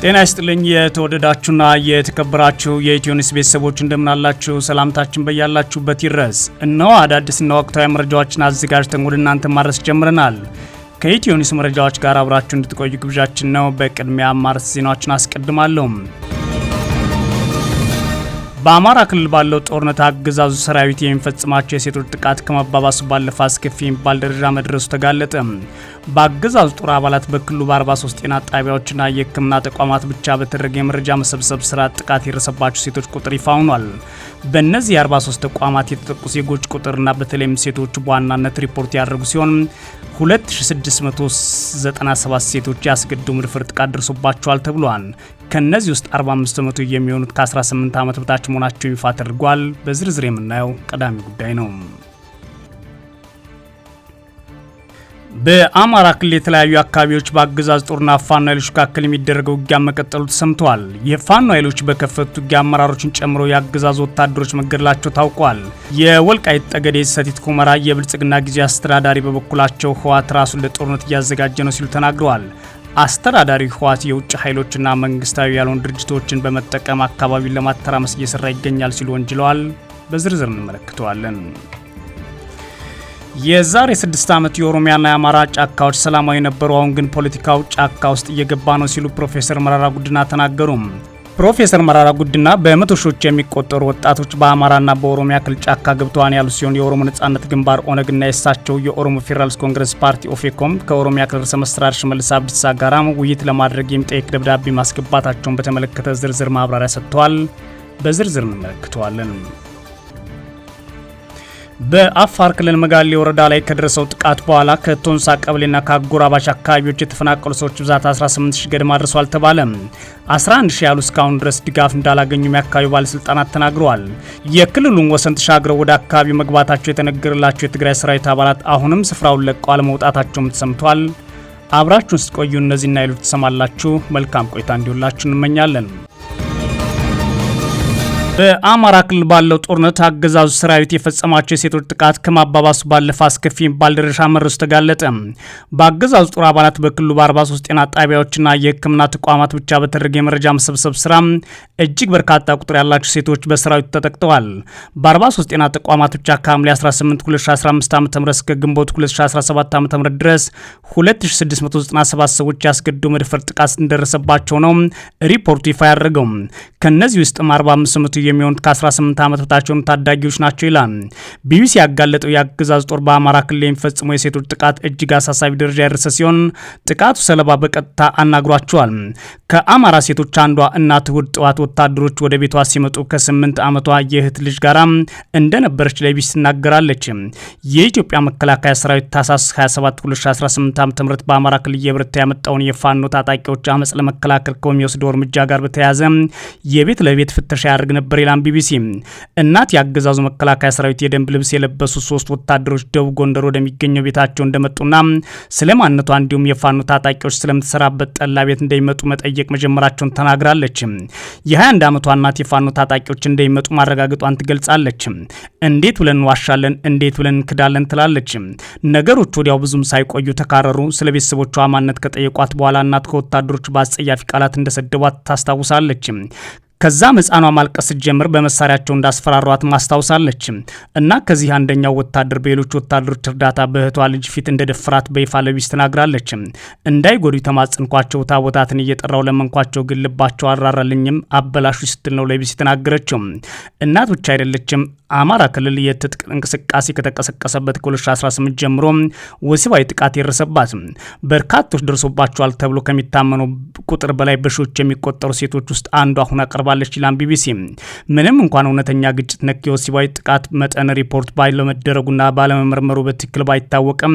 ጤና ይስጥልኝ የተወደዳችሁና የተከበራችሁ የኢትዮኒስ ቤተሰቦች እንደምናላችሁ ሰላምታችን በያላችሁበት ይድረስ። እነሆ አዳዲስና ወቅታዊ መረጃዎችን አዘጋጅተን ወደ እናንተ ማድረስ ጀምረናል። ከኢትዮኒስ መረጃዎች ጋር አብራችሁ እንድትቆዩ ግብዣችን ነው። በቅድሚያ ማርስ ዜናዎችን አስቀድማለሁ። በአማራ ክልል ባለው ጦርነት አገዛዙ ሰራዊት የሚፈጽማቸው የሴቶች ጥቃት ከመባባሱ ባለፈ አስከፊ የሚባል ደረጃ መድረሱ ተጋለጠ። በአገዛዙ ጦር አባላት በክልሉ በ43 ጤና ጣቢያዎችና የሕክምና ተቋማት ብቻ በተደረገ የመረጃ መሰብሰብ ስራ ጥቃት የደረሰባቸው ሴቶች ቁጥር ይፋ ሆኗል። በእነዚህ የ43 ተቋማት የተጠቁ ዜጎች ቁጥርና በተለይም ሴቶቹ በዋናነት ሪፖርት ያደረጉ ሲሆን 2697 ሴቶች ያስገድዶ መድፈር ጥቃት ደርሶባቸዋል ተብሏል። ከእነዚህ ውስጥ 45 በመቶ የሚሆኑት ከ18 ዓመት በታች መሆናቸው ይፋ ተደርጓል። በዝርዝር የምናየው ቀዳሚ ጉዳይ ነው። በአማራ ክልል የተለያዩ አካባቢዎች በአገዛዝ ጦርና ፋኖ ኃይሎች መካከል የሚደረገው ውጊያ መቀጠሉ ተሰምተዋል። የፋኖ ኃይሎች በከፈቱት ውጊያ አመራሮችን ጨምሮ የአገዛዝ ወታደሮች መገደላቸው ታውቋል። የወልቃይት ጠገዴ፣ ሰቲት ሁመራ የብልጽግና ጊዜ አስተዳዳሪ በበኩላቸው ህወሓት ራሱን ለጦርነት እያዘጋጀ ነው ሲሉ ተናግረዋል። አስተዳዳሪ ህወሓት የውጭ ኃይሎችና መንግስታዊ ያልሆኑ ድርጅቶችን በመጠቀም አካባቢውን ለማተራመስ እየሰራ ይገኛል ሲሉ ወንጅለዋል። በዝርዝር እንመለከተዋለን። የዛሬ ስድስት ዓመት የኦሮሚያና የአማራ ጫካዎች ሰላማዊ የነበሩ አሁን ግን ፖለቲካው ጫካ ውስጥ እየገባ ነው ሲሉ ፕሮፌሰር መራራ ጉድና ተናገሩ። ፕሮፌሰር መራራ ጉድና በመቶ ሺዎች የሚቆጠሩ ወጣቶች በአማራና በኦሮሚያ ክልል ጫካ ገብተዋን ያሉ ሲሆን የኦሮሞ ነጻነት ግንባር ኦነግና የእሳቸው የኦሮሞ ፌዴራልስ ኮንግረስ ፓርቲ ኦፌኮም ከኦሮሚያ ክልል ርዕሰ መስተዳድር ሽመልስ አብዲሳ ጋራ ውይይት ለማድረግ የሚጠይቅ ደብዳቤ ማስገባታቸውን በተመለከተ ዝርዝር ማብራሪያ ሰጥተዋል። በዝርዝር እንመለከተዋለን። በአፋር ክልል መጋሌ ወረዳ ላይ ከደረሰው ጥቃት በኋላ ከቶንሳ ቀበሌና ከአጎራባች አካባቢዎች የተፈናቀሉ ሰዎች ብዛት 18 ሺህ ገደማ ደርሷል ተባለ። 11 ሺህ ያሉ እስካሁን ድረስ ድጋፍ እንዳላገኙ የአካባቢው ባለስልጣናት ተናግረዋል። የክልሉን ወሰን ተሻግረው ወደ አካባቢው መግባታቸው የተነገረላቸው የትግራይ ሰራዊት አባላት አሁንም ስፍራውን ለቀው አለመውጣታቸውም ተሰምቷል። አብራችሁን ስትቆዩ እነዚህና ይሉት ትሰማላችሁ። መልካም ቆይታ እንዲሁላችሁ እንመኛለን። በአማራ ክልል ባለው ጦርነት አገዛዙ ሰራዊት የፈጸማቸው የሴቶች ጥቃት ከማባባሱ ባለፈ አስከፊ ባልደረሻ መረሱ ተጋለጠ። በአገዛዙ ጦር አባላት በክልሉ በ43 ጤና ጣቢያዎችና የሕክምና ተቋማት ብቻ በተደረገ የመረጃ መሰብሰብ ስራ እጅግ በርካታ ቁጥር ያላቸው ሴቶች በሰራዊቱ ተጠቅተዋል። በ43 ጤና ተቋማት ብቻ ከሐምሌ 18 2015 ዓ ም እስከ ግንቦት 2017 ዓ ም ድረስ 2697 ሰዎች ያስገድዶ መድፈር ጥቃት እንደደረሰባቸው ነው ሪፖርቱ ይፋ ያደረገው። ከእነዚህ ውስጥም 45 በመቶ የሚሆኑት ከ18 ዓመት በታቸውም ታዳጊዎች ናቸው ይላል። ቢቢሲ ያጋለጠው የአገዛዝ ጦር በአማራ ክልል የሚፈጽመው የሴቶች ጥቃት እጅግ አሳሳቢ ደረጃ ያደረሰ ሲሆን ጥቃቱ ሰለባ በቀጥታ አናግሯቸዋል። ከአማራ ሴቶች አንዷ እናት እሁድ ጠዋት ወታደሮች ወደ ቤቷ ሲመጡ ከ8 ዓመቷ የእህት ልጅ ጋራ እንደነበረች ለቢቢሲ ትናገራለች። የኢትዮጵያ መከላከያ ሰራዊት ታህሳስ 27 2018 ዓ ም በአማራ ክልል የብርታ ያመጣውን የፋኖ ታጣቂዎች አመፅ ለመከላከል ከሚወስደው እርምጃ ጋር በተያያዘ የቤት ለቤት ፍተሻ ያደርግ ነበር ነበር ቢቢሲ። እናት የአገዛዙ መከላከያ ሰራዊት የደንብ ልብስ የለበሱ ሶስት ወታደሮች ደቡብ ጎንደር ወደሚገኘው ቤታቸው እንደመጡና ስለ ማንነቷ እንዲሁም የፋኖ ታጣቂዎች ስለምትሰራበት ጠላ ቤት እንደሚመጡ መጠየቅ መጀመራቸውን ተናግራለች። የ21 ዓመቷ እናት የፋኖ ታጣቂዎች እንደሚመጡ ማረጋገጧን ትገልጻለች። እንዴት ብለን ዋሻለን? እንዴት ብለን እንክዳለን? ትላለች። ነገሮች ወዲያው ብዙም ሳይቆዩ ተካረሩ። ስለ ቤተሰቦቿ ማንነት ከጠየቋት በኋላ እናት ከወታደሮች በአጸያፊ ቃላት እንደሰደቧት ታስታውሳለች። ከዛም ህፃኗ ማልቀስ ስትጀምር በመሳሪያቸው እንዳስፈራሯት ማስታውሳለች እና ከዚህ አንደኛው ወታደር በሌሎች ወታደሮች እርዳታ በእህቷ ልጅ ፊት እንደደፈራት በይፋ ለቢስ ተናግራለች። እንዳይጎዱ ተማጽንኳቸው፣ ታቦታትን እየጠራው ለመንኳቸው፣ ግን ልባቸው አልራራልኝም፣ አበላሹ ስትል ነው ለቢስ የተናገረችው። እናት ብቻ አይደለችም አማራ ክልል የትጥቅ እንቅስቃሴ ከተቀሰቀሰበት ከ2018 ጀምሮ ወሲባዊ ጥቃት የደረሰባት በርካቶች ደርሶባቸዋል ተብሎ ከሚታመኑ ቁጥር በላይ በሺዎች የሚቆጠሩ ሴቶች ውስጥ አንዷ አሁን አቀርባለች ይላል ቢቢሲ። ምንም እንኳን እውነተኛ ግጭት ነክ የወሲባዊ ጥቃት መጠን ሪፖርት ባለመደረጉና ባለመመርመሩ በትክክል ባይታወቅም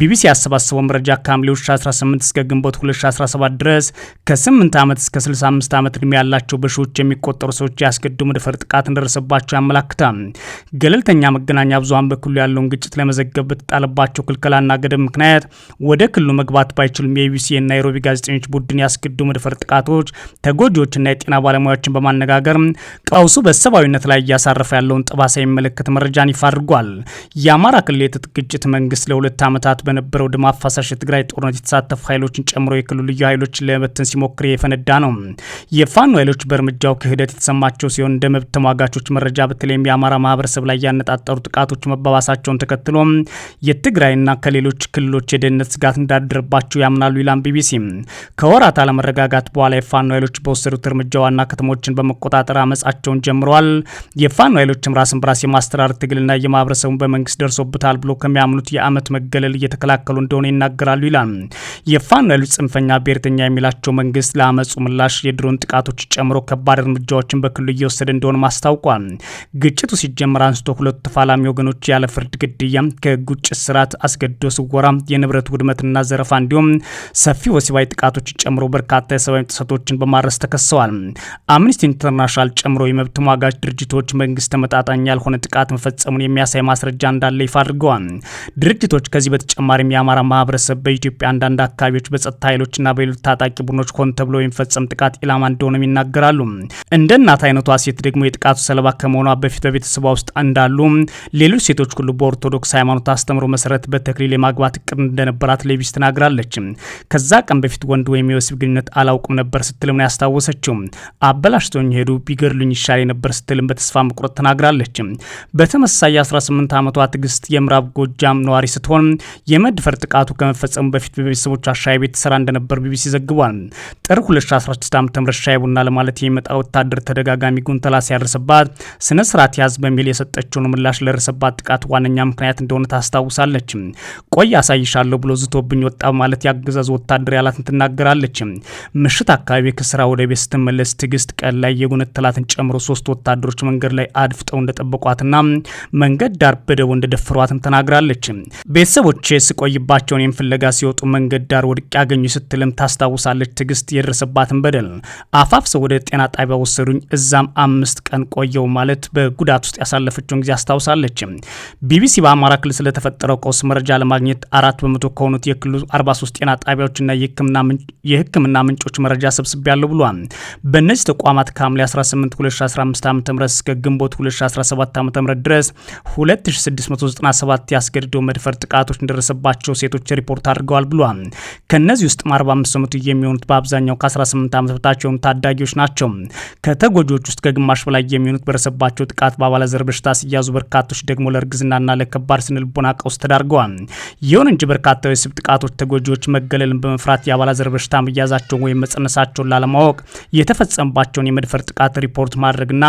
ቢቢሲ ያሰባሰበው መረጃ ከሐምሌ 2018 እስከ ግንቦት 2017 ድረስ ከ8 ዓመት እስከ 65 ዓመት ዕድሜ ያላቸው በሺዎች የሚቆጠሩ ሰዎች ያስገድዶ መድፈር ጥቃት እንደደረሰባቸው ያመላክታል። ገለልተኛ መገናኛ ብዙሀን በክልሉ ያለውን ግጭት ለመዘገብ በተጣለባቸው ክልከላና ገደብ ምክንያት ወደ ክልሉ መግባት ባይችሉም የቢሲ የናይሮቢ ጋዜጠኞች ቡድን ያስገድዱ መድፈር ጥቃቶች ተጎጂዎችና የጤና ባለሙያዎችን በማነጋገር ቀውሱ በሰብአዊነት ላይ እያሳረፈ ያለውን ጠባሳ የሚመለከት መረጃን ይፋ አድርጓል። የአማራ ክልል የትጥቅ ግጭት መንግስት ለሁለት ዓመታት በነበረው ደም አፋሳሽ የትግራይ ጦርነት የተሳተፉ ኃይሎችን ጨምሮ የክልሉ ልዩ ኃይሎች ለመበተን ሲሞክር የፈነዳ ነው። የፋኖ ኃይሎች በእርምጃው ክህደት የተሰማቸው ሲሆን እንደ መብት ተሟጋቾች መረጃ በተለይም የአማራ አማራ ማህበረሰብ ላይ ያነጣጠሩ ጥቃቶች መባባሳቸውን ተከትሎ የትግራይና ከሌሎች ክልሎች የደህንነት ስጋት እንዳደረባቸው ያምናሉ ይላም ቢቢሲ። ከወራት አለመረጋጋት በኋላ የፋኖ ኃይሎች በወሰዱት እርምጃ ዋና ከተሞችን በመቆጣጠር አመጻቸውን ጀምረዋል። የፋኖ ኃይሎችም ራስን በራስ የማስተራር ትግልና የማህበረሰቡን በመንግስት ደርሶብታል ብሎ ከሚያምኑት የአመት መገለል እየተከላከሉ እንደሆነ ይናገራሉ ይላል። የፋኖ ኃይሎች ጽንፈኛ ብሔርተኛ የሚላቸው መንግስት ለአመፁ ምላሽ የድሮን ጥቃቶች ጨምሮ ከባድ እርምጃዎችን በክልሉ እየወሰደ እንደሆነ አስታውቋል። ግጭቱ ሲጀመር አንስቶ ሁለቱ ተፋላሚ ወገኖች ያለ ፍርድ ግድያ፣ ከህግ ውጭ ስርዓት፣ አስገድዶ ስወራ፣ የንብረት ውድመትና ዘረፋ እንዲሁም ሰፊ ወሲባዊ ጥቃቶች ጨምሮ በርካታ የሰብአዊ ጥሰቶችን በማድረስ ተከሰዋል። አምኒስቲ ኢንተርናሽናል ጨምሮ የመብት ተሟጋች ድርጅቶች መንግስት ተመጣጣኝ ያልሆነ ጥቃት መፈጸሙን የሚያሳይ ማስረጃ እንዳለ ይፋ አድርገዋል። ድርጅቶች ከዚህ በተጨማሪም የአማራ ማህበረሰብ በኢትዮጵያ አንዳንድ አካባቢዎች በጸጥታ ኃይሎችና በሌሎች ታጣቂ ቡድኖች ሆን ተብሎ የሚፈጸም ጥቃት ኢላማ እንደሆነም ይናገራሉ። እንደ እናት አይነቷ ሴት ደግሞ የጥቃቱ ሰለባ ከመሆኗ በፊት በቤተሰብ ስብስቧ ውስጥ እንዳሉ ሌሎች ሴቶች ሁሉ በኦርቶዶክስ ሃይማኖት አስተምሮ መሰረት በተክሊል የማግባት እቅድ እንደነበራት ሌቢስ ተናግራለች። ከዛ ቀን በፊት ወንድ ወይም የወሲብ ግንኙነት አላውቅም ነበር ስትልም ነው ያስታወሰችው። አበላሽቶኝ ሄዱ ቢገድሉኝ ይሻል ነበር ስትልም በተስፋ መቁረጥ ተናግራለች። በተመሳሳይ 18 ዓመቷ ትግስት የምዕራብ ጎጃም ነዋሪ ስትሆን የመድፈር ጥቃቱ ከመፈጸሙ በፊት በቤተሰቦች አሻይ ቤት ስራ እንደነበር ቢቢሲ ዘግቧል። ጥር 2016 ዓ ም ሻይ ቡና ለማለት የሚመጣ ወታደር ተደጋጋሚ ጉንተላ ሲያደርስባት ስነ ስርዓት ያዝ በሚል የሰጠችውን ምላሽ ለደረሰባት ጥቃት ዋነኛ ምክንያት እንደሆነ ታስታውሳለች። ቆይ አሳይሻለሁ ብሎ ዝቶብኝ ወጣ በማለት የአገዛዙ ወታደር ያላትን ትናገራለች። ምሽት አካባቢ ከስራ ወደ ቤት ስትመለስ ትግስት ቀን ላይ የጉነት ትላትን ጨምሮ ሶስት ወታደሮች መንገድ ላይ አድፍጠው እንደጠበቋትና መንገድ ዳር በደቡ እንደደፍሯትም ተናግራለች። ቤተሰቦቼ ስቆይባቸውን ይህም ፍለጋ ሲወጡ መንገድ ዳር ወድቅ ያገኙ ስትልም ታስታውሳለች። ትግስት የደረሰባትን በደል አፋፍሰው ወደ ጤና ጣቢያ ወሰዱኝ፣ እዛም አምስት ቀን ቆየው ማለት በጉዳት ውስጥ ያሳለፈችውን ጊዜ አስታውሳለች። ቢቢሲ በአማራ ክልል ስለተፈጠረው ቀውስ መረጃ ለማግኘት አራት በመቶ ከሆኑት የክልሉ 43 ጤና ጣቢያዎችና የሕክምና ምንጮች መረጃ ሰብስብ ያለው ብሏል። በእነዚህ ተቋማት ከሐምሌ 18 2015 ዓ ም እስከ ግንቦት 2017 ዓ ም ድረስ 2697 ያስገድዶ መድፈር ጥቃቶች እንደደረሰባቸው ሴቶች ሪፖርት አድርገዋል ብሏል። ከእነዚህ ውስጥ 45 በመቶ የሚሆኑት በአብዛኛው ከ18 ዓመት በታች የሆኑ ታዳጊዎች ናቸው። ከተጎጂዎች ውስጥ ከግማሽ በላይ የሚሆኑት በደረሰባቸው ጥቃት በአባላ ባለዘር በሽታ ሲያዙ በርካቶች ደግሞ ለእርግዝናና ለከባድ ስነልቦና ቀውስ ተዳርገዋል። ይሁን እንጂ በርካታ የስብ ጥቃቶች ተጎጂዎች መገለልን በመፍራት የአባላዘር በሽታ መያዛቸውን ወይም መጸነሳቸውን ላለማወቅ የተፈጸመባቸውን የመድፈር ጥቃት ሪፖርት ማድረግና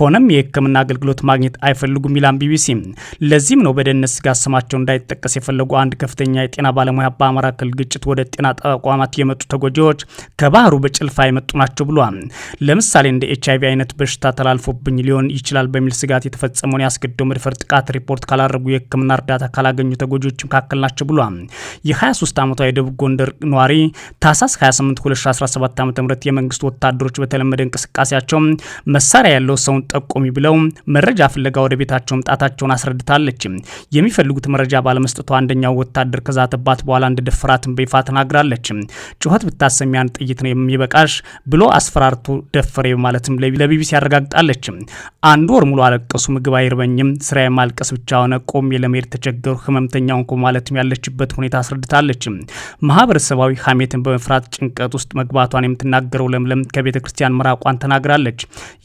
ሆነም የሕክምና አገልግሎት ማግኘት አይፈልጉም ይላም ቢቢሲ። ለዚህም ነው በደህንነት ስጋት ስማቸው እንዳይጠቀስ የፈለጉ አንድ ከፍተኛ የጤና ባለሙያ በአማራ ክልል ግጭት ወደ ጤና ተቋማት የመጡ ተጎጂዎች ከባህሩ በጭልፋ የመጡ ናቸው ብሏል። ለምሳሌ እንደ ኤች አይቪ አይነት በሽታ ተላልፎብኝ ሊሆን ይችላል በሚል ስጋት የተፈጸመውን ያስገድደው መድፈር ጥቃት ሪፖርት ካላረጉ የህክምና እርዳታ ካላገኙ ተጎጂዎች መካከል ናቸው ብሏል። የ23 ዓመቷ የደቡብ ጎንደር ነዋሪ ታህሳስ 28 2017 ዓ ም የመንግስት ወታደሮች በተለመደ እንቅስቃሴያቸው መሳሪያ ያለው ሰውን ጠቆሚ ብለው መረጃ ፍለጋ ወደ ቤታቸው መምጣታቸውን አስረድታለች። የሚፈልጉት መረጃ ባለመስጠቷ አንደኛው ወታደር ከዛተባት በኋላ እንደደፈራትን በይፋ ተናግራለች። ጩኸት ብታሰሚ አንድ ጥይት ነው የሚበቃሽ ብሎ አስፈራርቶ ደፈሬ ማለትም ለቢቢሲ ያረጋግጣለች። አንድ ወር ሙሉ ካለቀሱ ምግብ አይርበኝም፣ ስራዬ ማልቀስ ብቻ ሆነ፣ ቆሜ ለመሄድ ተቸገሩ፣ ህመምተኛውን ሆንኩ ማለትም ያለችበት ሁኔታ አስረድታለች። ማህበረሰባዊ ሀሜትን በመፍራት ጭንቀት ውስጥ መግባቷን የምትናገረው ለምለም ከቤተ ክርስቲያን መራቋን ተናግራለች።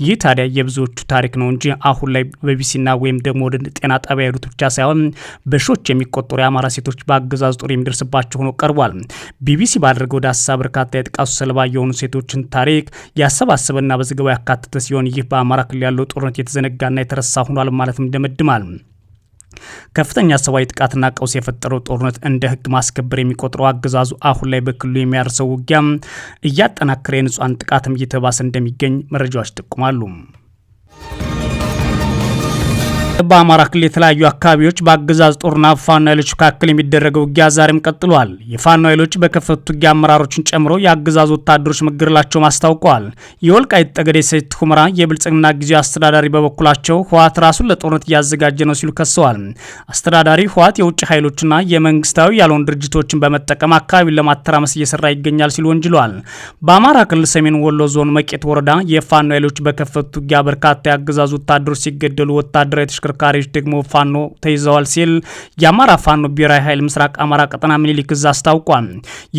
ይህ ታዲያ የብዙዎቹ ታሪክ ነው እንጂ አሁን ላይ በቢሲና ወይም ደግሞ ወደ ጤና ጣቢያ ሄዱት ብቻ ሳይሆን በሺዎች የሚቆጠሩ የአማራ ሴቶች በአገዛዝ ጦር የሚደርስባቸው ሆኖ ቀርቧል። ቢቢሲ ባደረገው ዳሰሳ በርካታ የጥቃቱ ሰለባ የሆኑ ሴቶችን ታሪክ ያሰባሰበና በዘገባው ያካተተ ሲሆን ይህ በአማራ ክልል ያለው ጦርነት የተዘነጋ የቀረና የተረሳ ሆኗል ማለትም ይደመድማል። ከፍተኛ ሰብአዊ ጥቃትና ቀውስ የፈጠረው ጦርነት እንደ ህግ ማስከበር የሚቆጥረው አገዛዙ አሁን ላይ በክልሉ የሚያርሰው ውጊያ እያጠናከረ የንጹሐን ጥቃትም እየተባሰ እንደሚገኝ መረጃዎች ይጠቁማሉ። በአማራ ክልል የተለያዩ አካባቢዎች በአገዛዝ ጦርና ፋኖ ኃይሎች መካከል የሚደረገው ውጊያ ዛሬም ቀጥሏል። የፋኖ ኃይሎች በከፈቱት ውጊያ አመራሮችን ጨምሮ የአገዛዝ ወታደሮች መገደላቸውም አስታውቀዋል። የወልቃይት ጠገዴ ሰቲት ሁመራ የብልጽግና ጊዜያዊ አስተዳዳሪ በበኩላቸው ህወሓት ራሱን ለጦርነት እያዘጋጀ ነው ሲሉ ከሰዋል። አስተዳዳሪ ህወሓት የውጭ ኃይሎችና የመንግስታዊ ያልሆኑ ድርጅቶችን በመጠቀም አካባቢውን ለማተራመስ እየሰራ ይገኛል ሲሉ ወንጅሏል። በአማራ ክልል ሰሜን ወሎ ዞን መቄት ወረዳ የፋኖ ኃይሎች በከፈቱት ውጊያ በርካታ የአገዛዝ ወታደሮች ሲገደሉ ወታደራዊ ተሽከርካሪዎች ደግሞ ፋኖ ተይዘዋል ሲል የአማራ ፋኖ ብሔራዊ ኃይል ምስራቅ አማራ ቀጠና ምኒልክ እዝ አስታውቋል።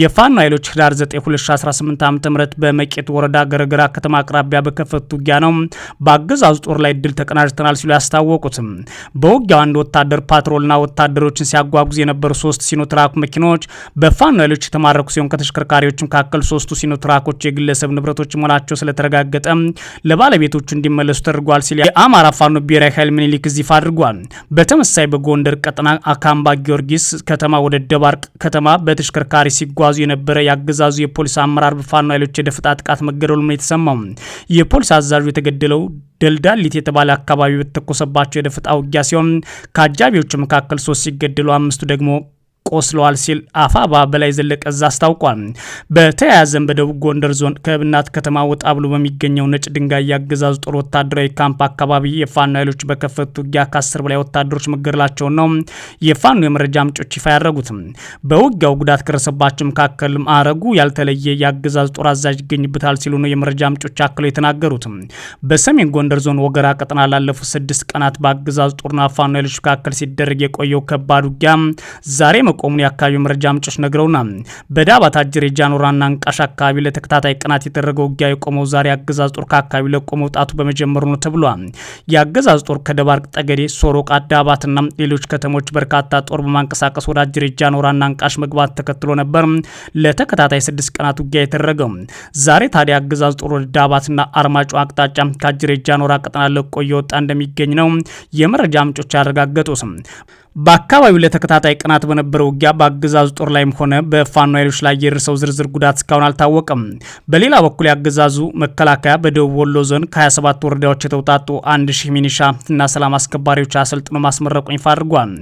የፋኖ ኃይሎች ህዳር 9 2018 ዓ ም በመቄት ወረዳ ገረገራ ከተማ አቅራቢያ በከፈቱ ውጊያ ነው በአገዛዙ ጦር ላይ ድል ተቀናጅተናል ሲሉ ያስታወቁትም። በውጊያው አንድ ወታደር ፓትሮልና ወታደሮችን ሲያጓጉዝ የነበሩ ሶስት ሲኖትራክ መኪናዎች በፋኖ ኃይሎች የተማረኩ ሲሆን ከተሽከርካሪዎች መካከል ሶስቱ ሲኖትራኮች የግለሰብ ንብረቶች መሆናቸው ስለተረጋገጠ ለባለቤቶቹ እንዲመለሱ ተደርጓል ሲል የአማራ ፋኖ ብሔራዊ ኃይል ምኒልክ ይፋ አድርጓል። በተመሳይ በጎንደር ቀጠና አካምባ ጊዮርጊስ ከተማ ወደ ደባርቅ ከተማ በተሽከርካሪ ሲጓዙ የነበረ የአገዛዙ የፖሊስ አመራር በፋኖ ኃይሎች የደፈጣ ጥቃት መገደሉ ነው የተሰማው። የፖሊስ አዛዡ የተገደለው ደልዳሊት የተባለ አካባቢ በተተኮሰባቸው የደፈጣ ውጊያ ሲሆን ከአጃቢዎቹ መካከል ሶስት ሲገደሉ አምስቱ ደግሞ ቆስለዋል ሲል አፋባ በላይ ዘለቀ እዝ አስታውቋል። በተያያዘም በደቡብ ጎንደር ዞን ከብናት ከተማ ወጣ ብሎ በሚገኘው ነጭ ድንጋይ ያገዛዙ ጦር ወታደራዊ ካምፕ አካባቢ የፋኖ ኃይሎች በከፈቱት ውጊያ ከአስር በላይ ወታደሮች መገደላቸውን ነው የፋኖ የመረጃ ምንጮች ይፋ ያደረጉት። በውጊያው ጉዳት ከደረሰባቸው መካከል ማዕረጉ ያልተለየ የአገዛዝ ጦር አዛዥ ይገኝበታል ሲሉ ነው የመረጃ ምንጮች አክለው የተናገሩት። በሰሜን ጎንደር ዞን ወገራ ቀጠና ላለፉት ስድስት ቀናት በአገዛዙ ጦርና ፋኖ ኃይሎች መካከል ሲደረግ የቆየው ከባድ ውጊያ ዛሬ መቆሙን የአካባቢው መረጃ ምንጮች ነግረውናል። በዳባት አጅር፣ የጃኖራና እንቃሽ አካባቢ ለተከታታይ ቀናት የተደረገው ውጊያ የቆመው ዛሬ አገዛዝ ጦር ከአካባቢ ለቆ መውጣቱ በመጀመሩ ነው ተብሏል። የአገዛዝ ጦር ከደባርቅ፣ ጠገዴ፣ ሶሮቃ፣ ዳባትና ሌሎች ከተሞች በርካታ ጦር በማንቀሳቀስ ወደ አጅር፣ የጃኖራና እንቃሽ መግባት ተከትሎ ነበር ለተከታታይ ስድስት ቀናት ውጊያ የተደረገው። ዛሬ ታዲያ አገዛዝ ጦር ወደ ዳባትና አርማጮ አቅጣጫ ከአጅር፣ የጃኖራ ቀጠና ለቆ እየወጣ እንደሚገኝ ነው የመረጃ ምንጮች ያረጋገጡት። በአካባቢው ለተከታታይ ቀናት በነበረው ውጊያ በአገዛዙ ጦር ላይም ሆነ በፋኖ ኃይሎች ላይ የደረሰው ዝርዝር ጉዳት እስካሁን አልታወቀም። በሌላ በኩል የአገዛዙ መከላከያ በደቡብ ወሎ ዞን ከ27 ወረዳዎች የተውጣጡ 1000 ሚኒሻ እና ሰላም አስከባሪዎች አሰልጥኖ ማስመረቁን ይፋ አድርጓል።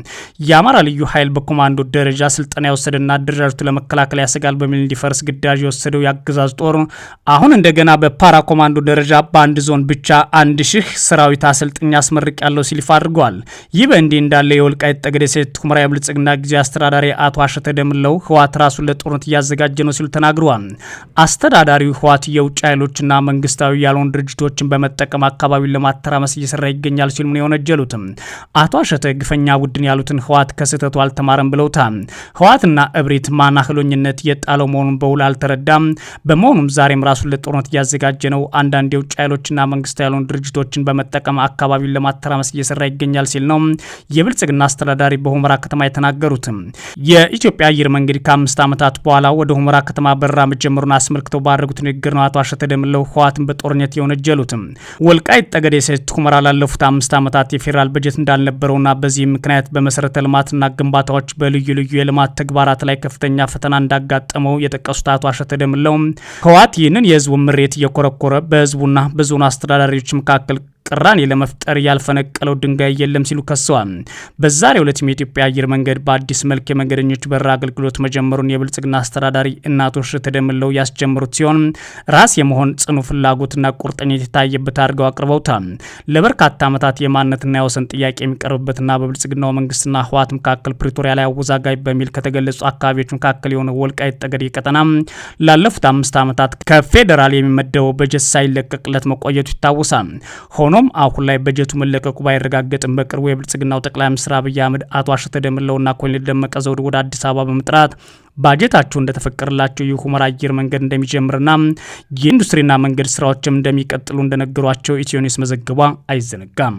የአማራ ልዩ ኃይል በኮማንዶ ደረጃ ስልጠና የወሰደና አደረጃጀቱ ለመከላከል ያሰጋል በሚል እንዲፈርስ ግዳጅ የወሰደው የአገዛዙ ጦር አሁን እንደገና በፓራ ኮማንዶ ደረጃ በአንድ ዞን ብቻ 1000 ሰራዊት አሰልጥኝ አስመርቅ ያለው ሲል ይፋ አድርጓል። ይህ በእንዲህ እንዳለ የወልቃይት ጠገዴ ሰቲት ሁመራ የብልጽግና ጊዜ አስተዳዳሪ አቶ አሸተ ደምለው ህወሓት ራሱን ለጦርነት እያዘጋጀ ነው ሲሉ ተናግረዋል። አስተዳዳሪው ህወሓት የውጭ ኃይሎችና መንግስታዊ ያልሆኑ ድርጅቶችን በመጠቀም አካባቢውን ለማተራመስ እየሰራ ይገኛል ሲሉ ነው የወነጀሉትም። አቶ አሸተ ግፈኛ ቡድን ያሉትን ህወሓት ከስህተቱ አልተማረም ብለውታል። ህወሓትና እብሪት ማናህሎኝነት የጣለው መሆኑን በውል አልተረዳም። በመሆኑም ዛሬም ራሱን ለጦርነት እያዘጋጀ ነው፣ አንዳንድ የውጭ ኃይሎችና መንግስታዊ ያልሆኑ ድርጅቶችን በመጠቀም አካባቢውን ለማተራመስ እየሰራ ይገኛል ሲል ነው የብልጽግና አስተዳዳሪ አስተዳዳሪ በሁመራ ከተማ የተናገሩትም የኢትዮጵያ አየር መንገድ ከአምስት ዓመታት በኋላ ወደ ሁመራ ከተማ በረራ መጀመሩን አስመልክተው ባደረጉት ንግግር ነው አቶ አሸተ ደምለው ህወሓትን በጦርነት የወነጀሉትም። ወልቃይት ጠገዴ ሰቲት ሁመራ ላለፉት አምስት ዓመታት የፌዴራል በጀት እንዳልነበረውና በዚህም ምክንያት በመሰረተ ልማትና ግንባታዎች በልዩ ልዩ የልማት ተግባራት ላይ ከፍተኛ ፈተና እንዳጋጠመው የጠቀሱት አቶ አሸተ ደምለው ህወሓት ይህንን የህዝቡ ምሬት እየኮረኮረ በህዝቡና በዞኑ አስተዳዳሪዎች መካከል ቅራኔ ለመፍጠር ያልፈነቀለው ድንጋይ የለም ሲሉ ከሰዋል። በዛሬው ዕለትም የኢትዮጵያ አየር መንገድ በአዲስ መልክ የመንገደኞች በረራ አገልግሎት መጀመሩን የብልጽግና አስተዳዳሪ እናቶ ተደምለው ደምለው ያስጀመሩት ሲሆን ራስ የመሆን ጽኑ ፍላጎትና ቁርጠኝነት የታየበት አድርገው አቅርበውታል። ለበርካታ ዓመታት የማንነትና የወሰን ጥያቄ የሚቀርብበትና በብልጽግናው መንግስትና ህወሓት መካከል ፕሪቶሪያ ላይ አወዛጋቢ በሚል ከተገለጹ አካባቢዎች መካከል የሆነ ወልቃይት ጠገዴ ቀጠና ላለፉት አምስት ዓመታት ከፌዴራል የሚመደበው በጀት ሳይለቀቅለት መቆየቱ ይታወሳል። ሆኖ ሆኖም አሁን ላይ በጀቱ መለቀቁ ባይረጋገጥም በቅርቡ የብልጽግናው ጠቅላይ ሚኒስትር አብይ አህመድ አቶ አሸተ ደምለውና ኮሎኔል ደመቀ ዘውድ ወደ አዲስ አበባ በመጥራት ባጀታቸው እንደተፈቀደላቸው የሁመራ አየር መንገድ እንደሚጀምርና የኢንዱስትሪና መንገድ ስራዎችም እንደሚቀጥሉ እንደነገሯቸው ኢትዮኒስ መዘገቧ አይዘነጋም።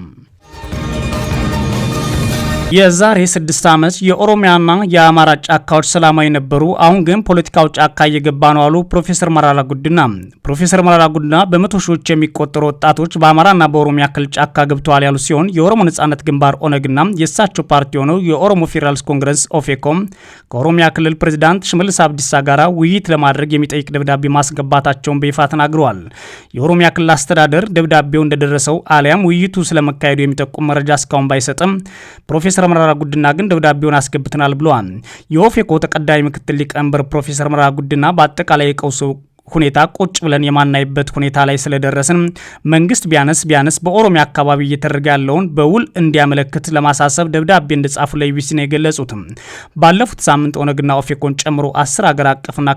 የዛሬ ስድስት ዓመት የኦሮሚያና የአማራ ጫካዎች ሰላማዊ ነበሩ፣ አሁን ግን ፖለቲካው ጫካ እየገባ ነው አሉ ፕሮፌሰር መራራ ጉድና ፕሮፌሰር መራራ ጉድና በመቶ ሺዎች የሚቆጠሩ ወጣቶች በአማራና በኦሮሚያ ክልል ጫካ ገብተዋል ያሉ ሲሆን የኦሮሞ ነጻነት ግንባር ኦነግና የእሳቸው ፓርቲ የሆነው የኦሮሞ ፌዴራልስ ኮንግረስ ኦፌኮም ከኦሮሚያ ክልል ፕሬዚዳንት ሽመልስ አብዲሳ ጋር ውይይት ለማድረግ የሚጠይቅ ደብዳቤ ማስገባታቸውን በይፋ ተናግረዋል። የኦሮሚያ ክልል አስተዳደር ደብዳቤው እንደደረሰው አሊያም ውይይቱ ስለመካሄዱ የሚጠቁም መረጃ እስካሁን ባይሰጥም ፕሮፌሰር መረራ ጉድና ግን ደብዳቤውን አስገብተናል ብለዋል። የኦፌኮ ተቀዳሚ ምክትል ሊቀመንበር ፕሮፌሰር መረራ ጉድና በአጠቃላይ የቀውስ ሁኔታ ቁጭ ብለን የማናይበት ሁኔታ ላይ ስለደረስን መንግስት ቢያነስ ቢያነስ በኦሮሚያ አካባቢ እየተደረገ ያለውን በውል እንዲያመለክት ለማሳሰብ ደብዳቤ እንደጻፉ ለኢቢሲ ነው የገለጹትም። ባለፉት ሳምንት ኦነግና ኦፌኮን ጨምሮ አስር አገር አቀፍና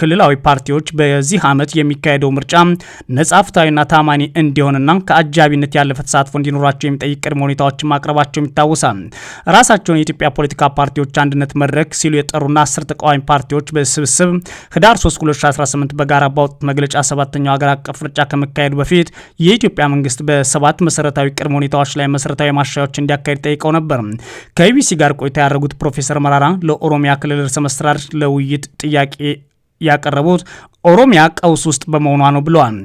ክልላዊ ፓርቲዎች በዚህ ዓመት የሚካሄደው ምርጫ ነጻ፣ ፍትሐዊና ታማኒ እንዲሆንና ከአጃቢነት ያለፈ ተሳትፎ እንዲኖራቸው የሚጠይቅ ቅድመ ሁኔታዎችን ማቅረባቸውም ይታወሳል። ራሳቸውን የኢትዮጵያ ፖለቲካ ፓርቲዎች አንድነት መድረክ ሲሉ የጠሩና አስር ተቃዋሚ ፓርቲዎች በስብስብ ህዳር 3 2018 በጋራ ባወጡት መግለጫ ሰባተኛው ሀገር አቀፍ ምርጫ ከመካሄዱ በፊት የኢትዮጵያ መንግስት በሰባት መሰረታዊ ቅድመ ሁኔታዎች ላይ መሰረታዊ ማሻዎች እንዲያካሄድ ጠይቀው ነበር። ከኢቢሲ ጋር ቆይታ ያደረጉት ፕሮፌሰር መራራ ለኦሮሚያ ክልል ርዕሰ መስተዳድር ለውይይት ጥያቄ ያቀረቡት ኦሮሚያ ቀውስ ውስጥ በመሆኗ ነው ብለዋል።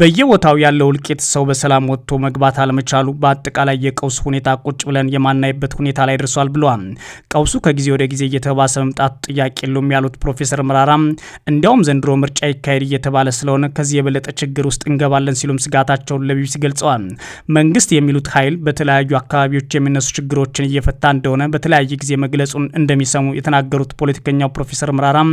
በየቦታው ያለው እልቂት፣ ሰው በሰላም ወጥቶ መግባት አለመቻሉ፣ በአጠቃላይ የቀውስ ሁኔታ ቁጭ ብለን የማናይበት ሁኔታ ላይ ደርሷል ብለዋል። ቀውሱ ከጊዜ ወደ ጊዜ እየተባሰ መምጣቱ ጥያቄ የለውም ያሉት ፕሮፌሰር መራራም እንዲያውም ዘንድሮ ምርጫ ይካሄድ እየተባለ ስለሆነ ከዚህ የበለጠ ችግር ውስጥ እንገባለን ሲሉም ስጋታቸውን ለቢቢሲ ገልጸዋል። መንግስት የሚሉት ኃይል በተለያዩ አካባቢዎች የሚነሱ ችግሮችን እየፈታ እንደሆነ በተለያየ ጊዜ መግለጹን እንደሚሰሙ የተናገሩት ፖለቲከኛው ፕሮፌሰር መራራም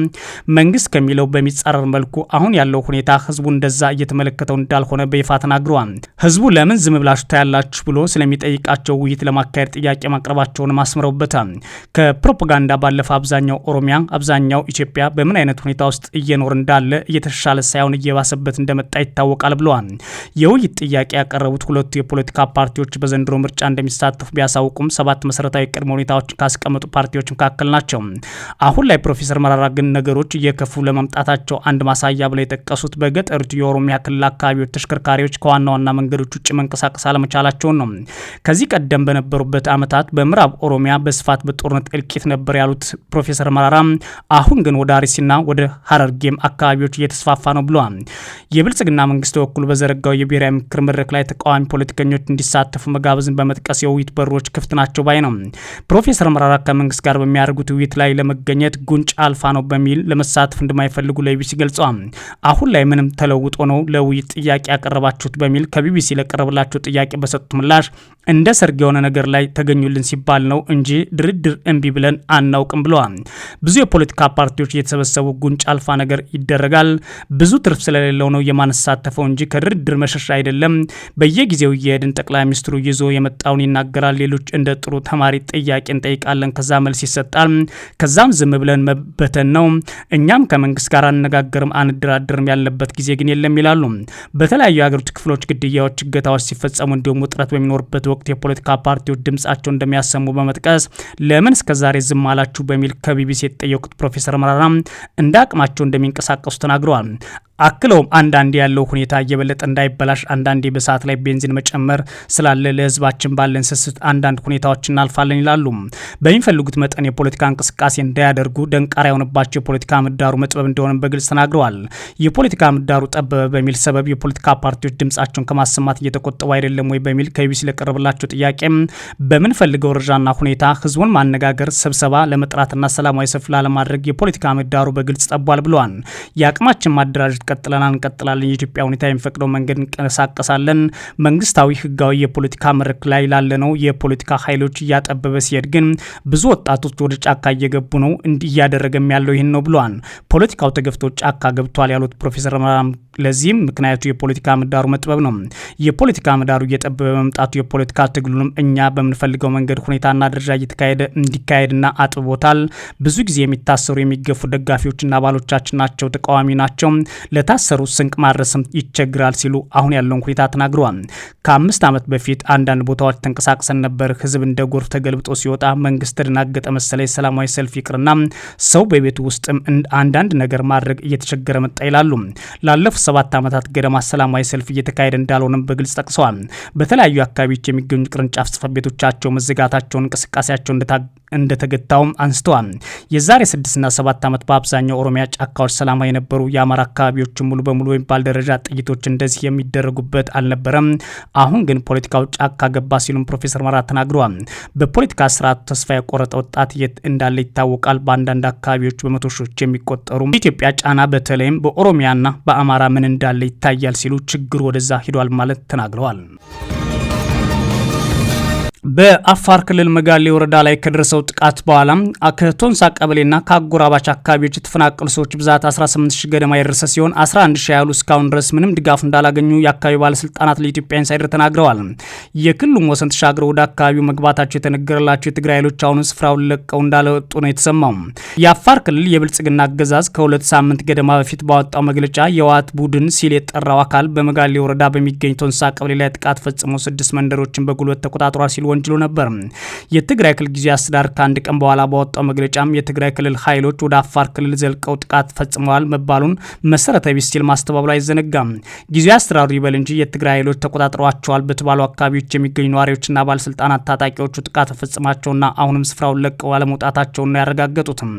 መንግስት እንደሚለው በሚጻረር መልኩ አሁን ያለው ሁኔታ ህዝቡ እንደዛ እየተመለከተው እንዳልሆነ በይፋ ተናግረዋል። ህዝቡ ለምን ዝም ብላችሁ ታያላችሁ ብሎ ስለሚጠይቃቸው ውይይት ለማካሄድ ጥያቄ ማቅረባቸውን አስምረውበታል። ከፕሮፓጋንዳ ባለፈ አብዛኛው ኦሮሚያ፣ አብዛኛው ኢትዮጵያ በምን አይነት ሁኔታ ውስጥ እየኖር እንዳለ እየተሻለ ሳይሆን እየባሰበት እንደመጣ ይታወቃል ብለዋል። የውይይት ጥያቄ ያቀረቡት ሁለቱ የፖለቲካ ፓርቲዎች በዘንድሮ ምርጫ እንደሚሳተፉ ቢያሳውቁም ሰባት መሰረታዊ ቅድመ ሁኔታዎችን ካስቀመጡ ፓርቲዎች መካከል ናቸው። አሁን ላይ ፕሮፌሰር መራራ ግን ነገሮች እየከፉ ለመምጣታቸው አንድ ማሳያ ብለው የጠቀሱት በገጠሪቱ የኦሮሚያ ክልል አካባቢዎች ተሽከርካሪዎች ከዋና ዋና መንገዶች ውጭ መንቀሳቀስ አለመቻላቸውን ነው። ከዚህ ቀደም በነበሩበት ዓመታት በምዕራብ ኦሮሚያ በስፋት በጦርነት እልቂት ነበር ያሉት ፕሮፌሰር መራራ አሁን ግን ወደ አርሲና ወደ ሀረርጌም አካባቢዎች እየተስፋፋ ነው ብለዋል። የብልጽግና መንግስት በኩል በዘረጋው የብሔራዊ ምክር መድረክ ላይ ተቃዋሚ ፖለቲከኞች እንዲሳተፉ መጋበዝን በመጥቀስ የውይይት በሮች ክፍት ናቸው ባይ ነው። ፕሮፌሰር መራራ ከመንግስት ጋር በሚያደርጉት ውይይት ላይ ለመገኘት ጉንጭ አልፋ ነው በሚል ለመሳተፍ እንደማይ እንደማይፈልጉ ለቢቢሲ ገልጸዋል። አሁን ላይ ምንም ተለውጦ ነው ለውይይት ጥያቄ ያቀረባችሁት በሚል ከቢቢሲ ለቀረበላቸው ጥያቄ በሰጡት ምላሽ እንደ ሰርግ የሆነ ነገር ላይ ተገኙልን ሲባል ነው እንጂ ድርድር እምቢ ብለን አናውቅም ብለዋል። ብዙ የፖለቲካ ፓርቲዎች እየተሰበሰቡ ጉንጭ አልፋ ነገር ይደረጋል። ብዙ ትርፍ ስለሌለው ነው የማንሳተፈው እንጂ ከድርድር መሸሻ አይደለም። በየጊዜው እየሄድን ጠቅላይ ሚኒስትሩ ይዞ የመጣውን ይናገራል። ሌሎች እንደ ጥሩ ተማሪ ጥያቄ እንጠይቃለን። ከዛ መልስ ይሰጣል። ከዛም ዝም ብለን መበተን ነው። እኛም ከመንግስት መንግስት ጋር አነጋገርም አንደራደርም ያለበት ጊዜ ግን የለም ይላሉ። በተለያዩ የሀገሪቱ ክፍሎች ግድያዎች፣ እገታዎች ሲፈጸሙ እንዲሁም ውጥረት በሚኖርበት ወቅት የፖለቲካ ፓርቲዎች ድምጻቸው እንደሚያሰሙ በመጥቀስ ለምን እስከዛሬ ዝም አላችሁ በሚል ከቢቢሲ የተጠየቁት ፕሮፌሰር መራራ እንደ አቅማቸው እንደሚንቀሳቀሱ ተናግረዋል። አክለውም አንዳንዴ ያለው ሁኔታ እየበለጠ እንዳይበላሽ አንዳንዴ በሰዓት ላይ ቤንዚን መጨመር ስላለ ለህዝባችን ባለን ስስት አንዳንድ ሁኔታዎች እናልፋለን ይላሉ። በሚፈልጉት መጠን የፖለቲካ እንቅስቃሴ እንዳያደርጉ ደንቃራ የሆነባቸው የፖለቲካ ምህዳሩ መጥበብ እንደሆነ በግልጽ ተናግረዋል። የፖለቲካ ምህዳሩ ጠበበ በሚል ሰበብ የፖለቲካ ፓርቲዎች ድምጻቸውን ከማሰማት እየተቆጠቡ አይደለም ወይ በሚል ከቢቢሲ ለቀረበላቸው ጥያቄ በምንፈልገው ደረጃና ሁኔታ ህዝቡን ማነጋገር፣ ስብሰባ ለመጥራትና ሰላማዊ ሰልፍ ላለማድረግ የፖለቲካ ምህዳሩ በግልጽ ጠቧል ብለዋል። የአቅማችን ማደራጀት ቀጥለና እንቀጥላለን። የኢትዮጵያ ሁኔታ የሚፈቅደው መንገድ እንቀሳቀሳለን። መንግስታዊ ህጋዊ የፖለቲካ መድረክ ላይ ላለ ነው የፖለቲካ ኃይሎች እያጠበበ ሲሄድ ግን ብዙ ወጣቶች ወደ ጫካ እየገቡ ነው። እንዲህ እያደረገም ያለው ይህን ነው ብለዋል። ፖለቲካው ተገፍቶ ጫካ ገብቷል ያሉት ፕሮፌሰር መራም ለዚህም ምክንያቱ የፖለቲካ ምህዳሩ መጥበብ ነው። የፖለቲካ ምህዳሩ እየጠበበ መምጣቱ የፖለቲካ ትግሉንም እኛ በምንፈልገው መንገድ ሁኔታና ደረጃ እየተካሄደ እንዲካሄድና አጥብቦታል። ብዙ ጊዜ የሚታሰሩ የሚገፉ ደጋፊዎችና አባሎቻችን ናቸው፣ ተቃዋሚ ናቸው። ለታሰሩ ስንቅ ማድረስም ይቸግራል ሲሉ አሁን ያለውን ሁኔታ ተናግረዋል። ከአምስት ዓመት በፊት አንዳንድ ቦታዎች ተንቀሳቅሰን ነበር። ህዝብ እንደ ጎርፍ ተገልብጦ ሲወጣ መንግስት ተደናገጠ መሰለ። ሰላማዊ ሰልፍ ይቅርና ሰው በቤቱ ውስጥም አንዳንድ ነገር ማድረግ እየተቸገረ መጣ ይላሉ ላለፉ ሰባት ዓመታት ገደማ ሰላማዊ ሰልፍ እየተካሄደ እንዳልሆነም በግልጽ ጠቅሰዋል። በተለያዩ አካባቢዎች የሚገኙ ቅርንጫፍ ጽህፈት ቤቶቻቸው መዘጋታቸውን እንቅስቃሴያቸው እንደተገታውም አንስተዋል። የዛሬ ስድስትና ሰባት ዓመት በአብዛኛው ኦሮሚያ ጫካዎች ሰላማዊ የነበሩ የአማራ አካባቢዎችን ሙሉ በሙሉ በሚባል ደረጃ ጥይቶች እንደዚህ የሚደረጉበት አልነበረም። አሁን ግን ፖለቲካው ጫካ ገባ ሲሉም ፕሮፌሰር መራ ተናግረዋል። በፖለቲካ ስርዓቱ ተስፋ የቆረጠ ወጣት የት እንዳለ ይታወቃል። በአንዳንድ አካባቢዎች በመቶ ሺዎች የሚቆጠሩ ኢትዮጵያ ጫና በተለይም በኦሮሚያና በአማራ ምን እንዳለ ይታያል ሲሉ ችግሩ ወደዛ ሂዷል ማለት ተናግረዋል። በአፋር ክልል መጋሌ ወረዳ ላይ ከደረሰው ጥቃት በኋላ ከቶንሳ ቀበሌና ከአጎራባች አካባቢዎች የተፈናቀሉ ሰዎች ብዛት 18 ገደማ የደረሰ ሲሆን 11 ያህሉ እስካሁን ድረስ ምንም ድጋፍ እንዳላገኙ የአካባቢው ባለስልጣናት ለኢትዮጵያ ኢንሳይደር ተናግረዋል። የክልሉም ወሰን ተሻግረው ወደ አካባቢው መግባታቸው የተነገረላቸው የትግራይ ኃይሎች አሁን ስፍራውን ለቀው እንዳለወጡ ነው የተሰማው። የአፋር ክልል የብልጽግና አገዛዝ ከሁለት ሳምንት ገደማ በፊት ባወጣው መግለጫ የዋት ቡድን ሲል የጠራው አካል በመጋሌ ወረዳ በሚገኝ ቶንሳ ቀበሌ ላይ ጥቃት ፈጽሞ ስድስት መንደሮችን በጉልበት ተቆጣጥሯል ሲል ወንጅሎ ነበር። የትግራይ ክልል ጊዜያዊ አስተዳደር ከአንድ ቀን በኋላ ባወጣው መግለጫም የትግራይ ክልል ኃይሎች ወደ አፋር ክልል ዘልቀው ጥቃት ፈጽመዋል መባሉን መሰረተ ቢስ ሲል ማስተባበሉ አይዘነጋም። ጊዜያዊ አስተዳደሩ ይበል እንጂ የትግራይ ኃይሎች ተቆጣጥሯቸዋል በተባሉ አካባቢዎች የሚገኙ ነዋሪዎችና ባለስልጣናት ታጣቂዎቹ ጥቃት ፈጽማቸውና አሁንም ስፍራውን ለቀው አለመውጣታቸውን ነው ያረጋገጡትም።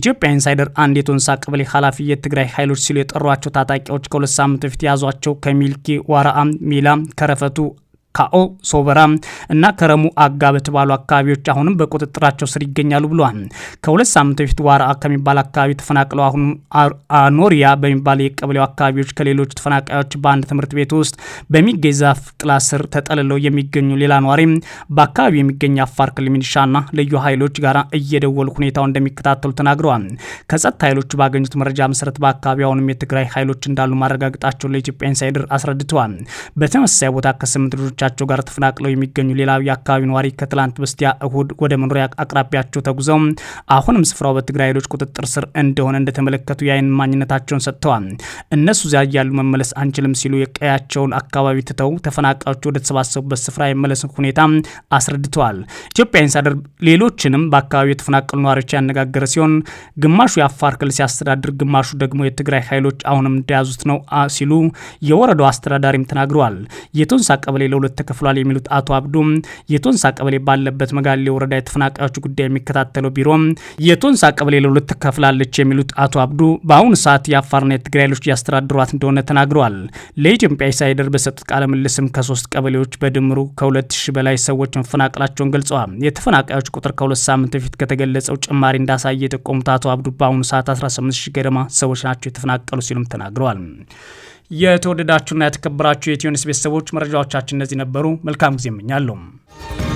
ኢትዮጵያ ኢንሳይደር አንድ የቶንሳ ቀበሌ ኃላፊ የትግራይ ኃይሎች ሲሉ የጠሯቸው ታጣቂዎች ከሁለት ሳምንት በፊት የያዟቸው ከሚልኪ ዋራአም ሚላ ከረፈቱ ካኦ ሶበራ እና ከረሙ አጋ በተባሉ አካባቢዎች አሁንም በቁጥጥራቸው ስር ይገኛሉ ብለዋል። ከሁለት ሳምንት በፊት ዋራ ከሚባል አካባቢ ተፈናቅለው አሁን አኖሪያ በሚባል የቀበሌው አካባቢዎች ከሌሎች ተፈናቃዮች በአንድ ትምህርት ቤት ውስጥ በሚገኝ ዛፍ ጥላ ስር ተጠልለው የሚገኙ ሌላ ነዋሪ በአካባቢ የሚገኝ አፋር ክልል ሚሊሻና ልዩ ኃይሎች ጋር እየደወሉ ሁኔታው እንደሚከታተሉ ተናግረዋል። ከጸጥታ ኃይሎቹ ባገኙት መረጃ መሰረት በአካባቢ አሁንም የትግራይ ኃይሎች እንዳሉ ማረጋገጣቸውን ለኢትዮጵያ ኢንሳይደር አስረድተዋል። በተመሳሳይ ቦታ ከስምንት ልጆች ቤተሰቦቻቸው ጋር ተፈናቅለው የሚገኙ ሌላው የአካባቢ ነዋሪ ከትላንት በስቲያ እሁድ ወደ መኖሪያ አቅራቢያቸው ተጉዘው አሁንም ስፍራው በትግራይ ኃይሎች ቁጥጥር ስር እንደሆነ እንደተመለከቱ የአይን ማኝነታቸውን ሰጥተዋል። እነሱ ዚያ ያሉ መመለስ አንችልም ሲሉ የቀያቸውን አካባቢ ትተው ተፈናቃዮች ወደ ተሰባሰቡበት ስፍራ የመለስ ሁኔታ አስረድተዋል። ኢትዮጵያ ኢንሳይደር ሌሎችንም በአካባቢው የተፈናቀሉ ነዋሪዎች ያነጋገረ ሲሆን ግማሹ የአፋር ክልል ሲያስተዳድር፣ ግማሹ ደግሞ የትግራይ ኃይሎች አሁንም እንደያዙት ነው ሲሉ የወረዳው አስተዳዳሪም ተናግረዋል። የቶንሳ ቀበሌ ለሁለት ለሁለት ተከፍሏል የሚሉት አቶ አብዱ የቶንሳ ቀበሌ ባለበት መጋሌ ወረዳ የተፈናቃዮች ጉዳይ የሚከታተለው ቢሮ የቶንሳ ቀበሌ ለሁለት ተከፍላለች የሚሉት አቶ አብዱ በአሁኑ ሰዓት የአፋርና የትግራይ ኃይሎች እያስተዳድሯት እንደሆነ ተናግረዋል። ለኢትዮጵያ ኢንሳይደር በሰጡት ቃለ ከሶስት ቀበሌዎች በድምሩ ከሁለት ሺህ በላይ ሰዎች መፈናቀላቸውን ገልጸዋል። የተፈናቃዮች ቁጥር ከሁለት ሳምንት በፊት ከተገለጸው ጭማሪ እንዳሳየ የጠቆሙት አቶ አብዱ በአሁኑ ሰዓት 18 ሺህ ገደማ ሰዎች ናቸው የተፈናቀሉ ሲሉም ተናግረዋል። የተወደዳችሁና የተከበራችሁ የኢትዮኒውስ ቤተሰቦች መረጃዎቻችን እነዚህ ነበሩ። መልካም ጊዜ እመኛለሁ።